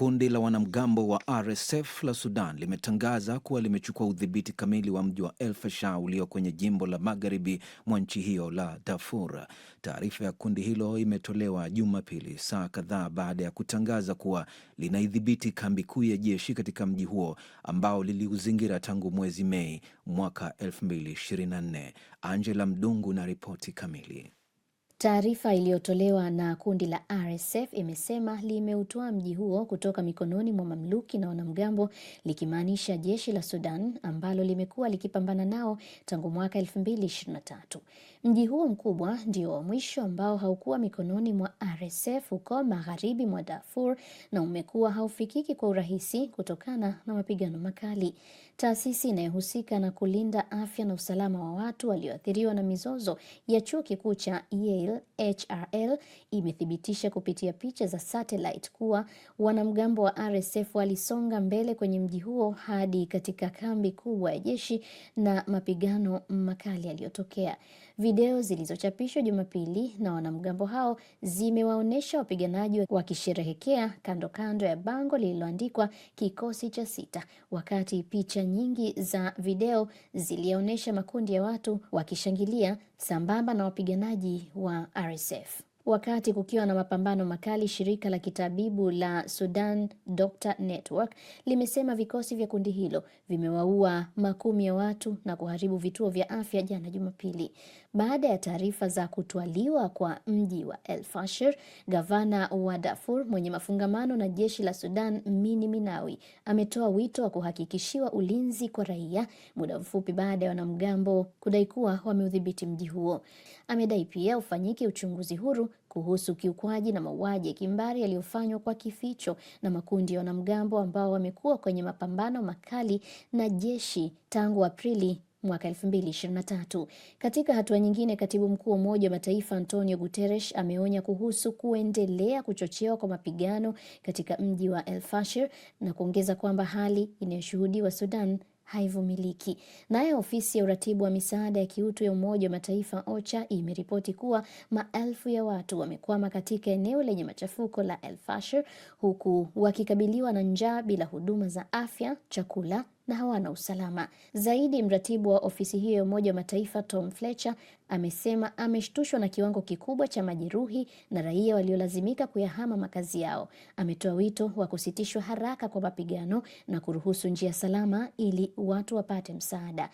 Kundi la wanamgambo wa RSF la Sudan limetangaza kuwa limechukua udhibiti kamili wa mji wa El Fasher ulio kwenye jimbo la magharibi mwa nchi hiyo la Darfur. Taarifa ya kundi hilo imetolewa Jumapili, saa kadhaa baada ya kutangaza kuwa linaidhibiti kambi kuu ya jeshi katika mji huo ambao liliuzingira tangu mwezi Mei mwaka 2024. Angela Mdungu na ripoti kamili. Taarifa iliyotolewa na kundi la RSF imesema limeutoa mji huo kutoka mikononi mwa mamluki na wanamgambo likimaanisha jeshi la Sudan ambalo limekuwa likipambana nao tangu mwaka 2023. Mji huo mkubwa ndio wa mwisho ambao haukuwa mikononi mwa RSF huko magharibi mwa Darfur na umekuwa haufikiki kwa urahisi kutokana na mapigano makali. Taasisi inayohusika na kulinda afya na usalama wa watu walioathiriwa na mizozo ya Chuo Kikuu cha Yale Israel HRL imethibitisha kupitia picha za satellite kuwa wanamgambo wa RSF walisonga mbele kwenye mji huo hadi katika kambi kubwa ya jeshi na mapigano makali yaliyotokea. Video zilizochapishwa Jumapili na wanamgambo hao zimewaonyesha wapiganaji wakisherehekea kando kando ya bango lililoandikwa kikosi cha sita, wakati picha nyingi za video zilionyesha makundi ya watu wakishangilia sambamba na wapiganaji wa RSF. Wakati kukiwa na mapambano makali, shirika la kitabibu la Sudan Doctor Network limesema vikosi vya kundi hilo vimewaua makumi ya watu na kuharibu vituo vya afya jana Jumapili, baada ya taarifa za kutwaliwa kwa mji wa El Fasher. Gavana wa Darfur mwenye mafungamano na jeshi la Sudan Mini Minawi ametoa wito wa kuhakikishiwa ulinzi kwa raia, muda mfupi baada ya wanamgambo kudai kuwa wameudhibiti mji huo. Amedai pia ufanyike uchunguzi huru kuhusu ukiukwaji na mauaji ya kimbari yaliyofanywa kwa kificho na makundi ya wanamgambo ambao wamekuwa kwenye mapambano makali na jeshi tangu Aprili mwaka 2023. Katika hatua nyingine, katibu mkuu wa Umoja wa Mataifa Antonio Guterres ameonya kuhusu kuendelea kuchochewa kwa mapigano katika mji wa El Fasher na kuongeza kwamba hali inayoshuhudiwa Sudan haivumiliki. Nayo ofisi ya uratibu wa misaada ya kiutu ya Umoja wa Mataifa OCHA imeripoti kuwa maelfu ya watu wamekwama katika eneo lenye machafuko la El Fasher huku wakikabiliwa na njaa bila huduma za afya, chakula na hawana usalama. Zaidi, mratibu wa ofisi hiyo ya Umoja wa Mataifa Tom Fletcher amesema ameshtushwa na kiwango kikubwa cha majeruhi na raia waliolazimika kuyahama makazi yao. Ametoa wito wa kusitishwa haraka kwa mapigano na kuruhusu njia salama ili watu wapate msaada.